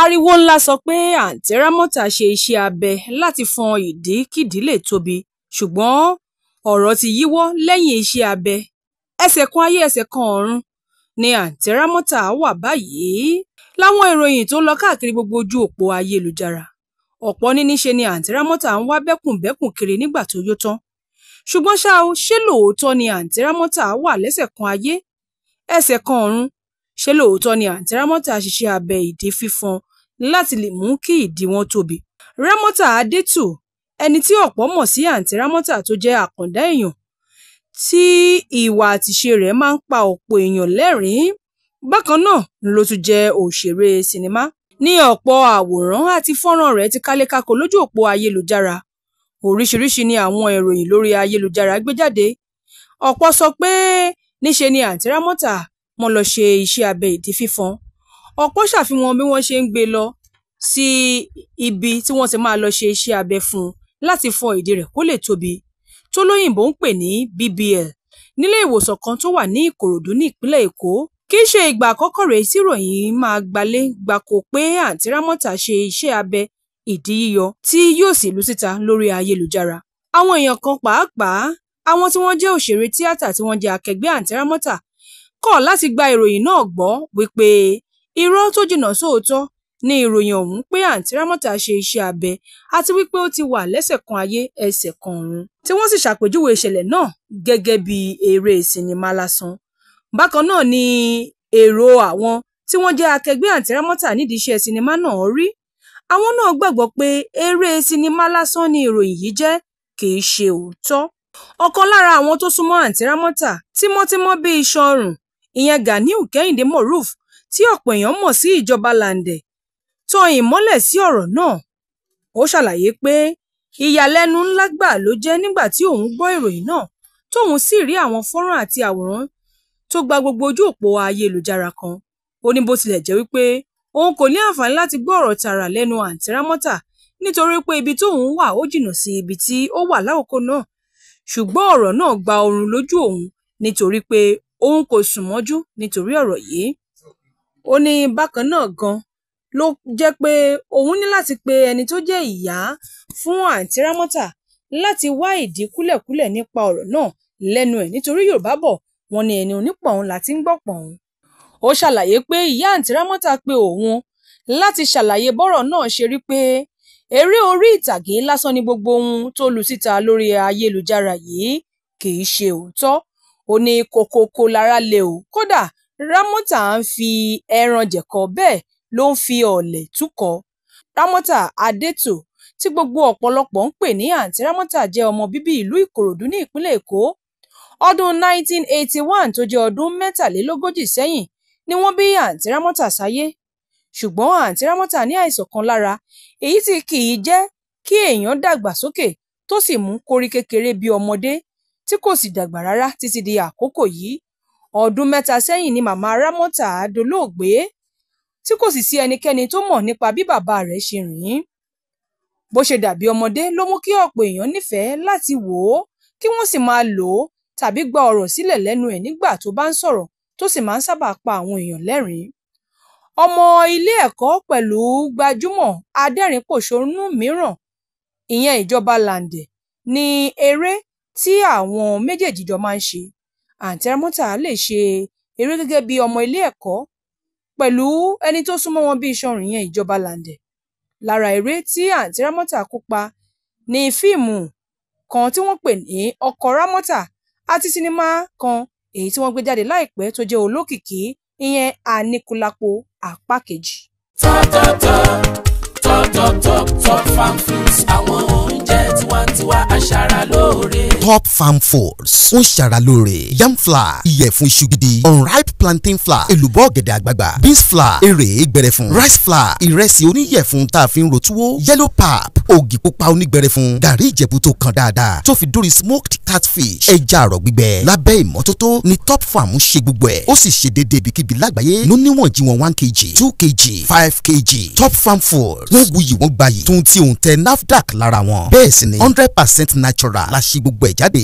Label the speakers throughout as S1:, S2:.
S1: Ariwo ńlá sọ pé Àǹtí Rámọ́tà ṣe iṣẹ́ abẹ láti fọn ìdí kídí lè tóbi ṣùgbọ́n ọ̀rọ̀ ti yíwọ́ lẹ́yìn iṣẹ́ abẹ, ẹsẹ̀ kan ayé ẹsẹ̀ kan ọ̀run ni Àǹtí Rámọ́tà wà báyìí láwọn ìròyìn tó ń lọ káàkiri gbogbo ojú òpó ayélujára, ọ̀pọ̀ ní níṣe ni Àǹtí Rámọ́tà ń wá bẹ́kùnbẹ́kùn kiri nígbà tó yó tán, ṣùgbọ́n ṣá o, ṣé lóòótọ́ ni Àǹtí Rámọ́tà wà lẹ́sẹ̀ kan ayé ẹsẹ̀ kan ọ̀run? Ṣé lóòótọ́ ni àǹtí Rámọ́tà ṣiṣẹ́ abẹ ìdí fífọn láti lè mú kí ìdí wọn tóbi? Rámọ́tà Adétù, ẹni tí ọ̀pọ̀ mọ̀ sí àǹtí Rámọ́tà tó jẹ́ àkàndá èèyàn tí ìwà àtiṣe rẹ̀ máa ń pa ọ̀pọ̀ èèyàn lẹ́rìn-ín, bákan náà ló tún jẹ́ òṣèré sinimá. Ní ọ̀pọ̀ àwòrán àti fọ́nràn rẹ̀ ti kálékáko lójú òpó ayélujára. Oríṣiríṣi ni àwọn ìròyìn lórí ayélujára gbé jáde. Ọ̀pọ̀ sọ pé níṣe ni àǹtí Rámọ́tà wọ́n lọ ṣe iṣẹ́ abẹ ìdí fífọ́n, ọ̀pọ̀ ṣàfihàn bí wọ́n ṣe ń gbé lọ sí ibi tí wọ́n ti máa lọ ṣe iṣẹ́ abẹ fún un láti fọ ìdí rẹ̀ kó lè tóbi, tólóyìnbó ń pè ní BBL, nílé ìwòsàn kan tó wà ní Ìkòròdú ní ìpínlẹ̀ Èkó. Kìí ṣe ìgbà àkọ́kọ́ rèé tí ìròyìn máa gbalé gbako pé Àǹtí Rámọ́tà ṣe iṣẹ́ abẹ ìdí yíyọ tí yóò sì lù síta lórí ayélujára. Àwọn èèyàn kan pàápàá, àwọn tí wọ́n jẹ́ òṣèré tíátà tí wọ́n jẹ́ akẹgbẹ́ Àǹtí Rámọ́tà kọ̀ láti gba ìròyìn náà gbọ́ wípé irọ́ tó jìnnà sóòótọ́ ni ìròyìn ọ̀hún pé àǹtí Rámọ́tà ṣe iṣẹ́ abẹ àti wípé ó ti wà lẹ́sẹ̀ kan ayé ẹsẹ̀ kan ọ̀run tí wọ́n sì ṣàpèjúwe ìṣẹ̀lẹ̀ náà gẹ́gẹ́ bí eré sinimá lásán. Bákan náà ni èrò àwọn tí wọ́n jẹ́ akẹgbẹ́ àǹtí Rámọ́tà nídìí iṣẹ́ sinimá náà rí. Àwọn náà gbàgbọ́ pé eré sinimá lásán ni ìròyìn yìí jẹ́ kì í ṣe òótọ́. Ọ̀kan lára àwọn tó súnmọ́ àǹtí Rámọ́tà tímọ́tímọ́ bíi iṣan ọrùn ìyẹn Ganiu Kehinde Moruf tí ọ̀pọ̀ èèyàn mọ̀ sí ìjọba Làǹdẹ̀, tan ìmọ́lẹ̀ sí ọ̀rọ̀ náà. Ó ṣàlàyé pé ìyàlẹ́nu ńlá gbáà ló jẹ́ nígbà tí òun gbọ́ ìròyìn náà tóun sì rí àwọn fọ́nràn àti àwòrán tó gba gbogbo ojú òpó ayélujára kan. Ó ní bó tilẹ̀ jẹ́ wípé òun kò ní àǹfààní láti gbọ́ ọ̀rọ̀ tààrà lẹ́nu Àǹtí Rámọ́tà nítorí pé ibi tóun wà ó jìnnà sí ibi tí ó wà lákòókò náà, ṣùgbọ́n ọ̀rọ̀ náà gba oorun lójú òun nítorí pé òun kò sùn mọ́jú nítorí ọ̀rọ̀ yìí. Ó ní bákan náà gan ló jẹ́ pé òun ní láti pe ẹni tó jẹ́ ìyá fún àǹtí Rámọ́tà láti wá ìdí kúlẹ̀kúlẹ̀ nípa ọ̀rọ̀ náà lẹ́nu ẹ̀ nítorí Yorùbá bọ̀ wọ́n ní ẹni onípọ̀hún láti ń gbọ́ pọ̀hún. Ó ṣàlàyé pé ìyá àǹtí Rámọ́tà pe òun láti ṣàlàyé bọ́rọ̀ náà ṣe rí pé eré orí ìtàgé lásán ni gbogbo ohun tó lu síta lórí ayélujára yìí kì í ṣe òótọ́ Ó ní kókókó lara lè o, kódà Ramota ń fi ẹran jẹ̀kọ bẹ́ẹ̀ ló ń fi ọ̀ọ̀lẹ̀ túkọ̀. Ramota Adétò, tí gbogbo ọ̀pọ̀lọpọ̀ ń pè ní Aunty Ramota, jẹ́ ọmọ bíbí ìlú Ìkòròdú ní ìpínlẹ̀ Èkó. Ọdún 1981 tó jẹ́ ọdún mẹ́tàlélógójì sẹ́yìn ni wọ́n bí Aunty Ramota sáyé. Ṣùgbọ́n Aunty Ramota ní àìsàn kan lára èyí tí kìí jẹ́ kí èèyàn dàgbà sókè tó sì mú kó kékeré bí ọmọdé tí kò sì dàgbà rárá títí di àkókò yìí. Ọdún mẹ́ta sẹ́yìn ni Màmá Rámọ́tà dolóògbé tí kò sì sí ẹnikẹ́ni tó mọ̀ nípa bí bàbá rẹ̀ ṣe rìn. Bó ṣe dàbí ọmọdé ló mú kí ọ̀pọ̀ èèyàn nífẹ̀ẹ́ láti wò ó kí wọ́n sì máa lò ó tàbí gba ọ̀rọ̀ sílẹ̀ lẹ́nu ẹ̀ nígbà tó bá ń sọ̀rọ̀ tó sì máa ń sábà pa àwọn èèyàn lẹ́rìn Ọmọ ilé ẹ̀kọ́ pẹ̀lú gbajúmọ̀ adẹ́rìn-pòṣónú mìíràn, ìyẹn Ìjọba Làǹdẹ̀, ni eré tí àwọn méjèèjì jọ máa ń ṣe. Àǹtí Rámọ́tà lè ṣe eré gẹ́gẹ́ bí ọmọ ilé ẹ̀kọ́ pẹ̀lú ẹni tó súnmọ́ wọn bí iṣan rìn yẹn Ìjọba Làǹdẹ̀. Lára eré tí Àǹtí Rámọ́tà kópa ni fíìmù kan tí wọ́n pè ní Ọkọ Rámọ́tà àti sinimá kan èyí tí wọ́n gbé jáde láìpẹ́ tó jẹ́ olókìkí ìyẹn Aníkúlápó Apá Kejì top top top top farm fruits àwọn oúnjẹ tiwantiwa aṣara lóore.
S2: top farm foods ó ń ṣara lóore yam flour ìyẹ̀fun iṣu gidi unripe plantain flour èlùbọ́ ọ̀gẹ̀dẹ̀ àgbààgbà beans flour èrè gbẹrẹfun rice flour ìrẹsì oníyẹ̀fun tá a fi ń ro yellow pap ògì pupa onígbẹrẹfun gàrí ìjẹ̀bú tó kan dáadáa tó fi dórí smoked catfish ẹja àrọ̀ gbígbẹ lábẹ́ ìmọ́tótó ni top farm ṣe gbogbo ẹ̀ ó sì ṣe déédéé ibikíbi lágbàáyé ló níwọ̀n jí wọn one kg two kg five kg top farm food wọ́n wuyì wọ́n gbayì tó ń ti òǹtẹ̀ nafdac lára wọn bẹ́ẹ̀ sì ni hundred percent natural la ṣe gbogbo ẹ̀ jáde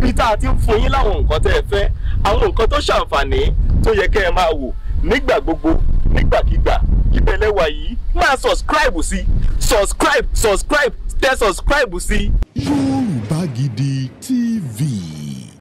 S2: níbi tá a ti ń fún yín láwọn nǹkan tẹ́ ẹ fẹ́ àwọn nǹkan tó ṣàǹfààní tó yẹ kẹ́ ẹ máa wò nígbà gbogbo nígbàkigbà ìbẹ̀lẹ̀ yìí máa subscribe sí subscribe subscribe tẹ subscribe sí. Yorùbá